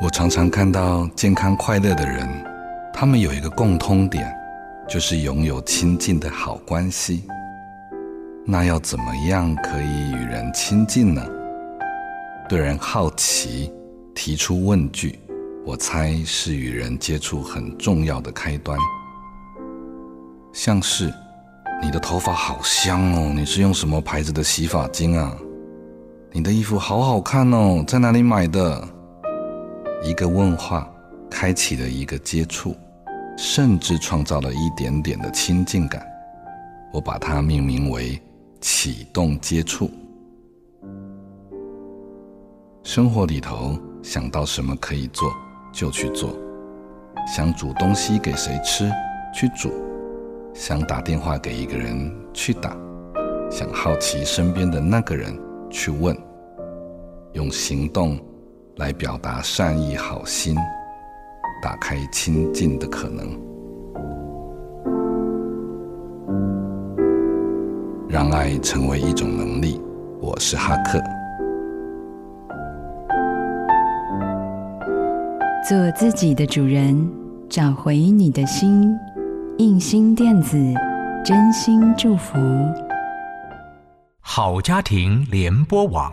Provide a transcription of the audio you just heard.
我常常看到健康快樂的人，他們有一個共通點，就是擁有親近的好關係。那要怎麼樣可以與人親近呢？對人好奇，提出問句，我猜是與人接觸很重要的開端。像是，你的頭髮好香哦，你是用什麼牌子的洗髮精啊？你的衣服好好看哦，在哪裡買的？一個問話開啟了一個接觸，甚至創造了一點點的親近感。我把它命名為“啟動接觸”。生活裡頭想到什麼可以做就去做，想煮東西給誰吃去煮，想打電話給一個人去打，想好奇身邊的那個人去問，用行動。來表達善意、好心，打開親近的可能，讓愛成為一種能力。我是哈克，做自己的主人，找回你的心。映興電子，真心祝福，好家庭聯播網。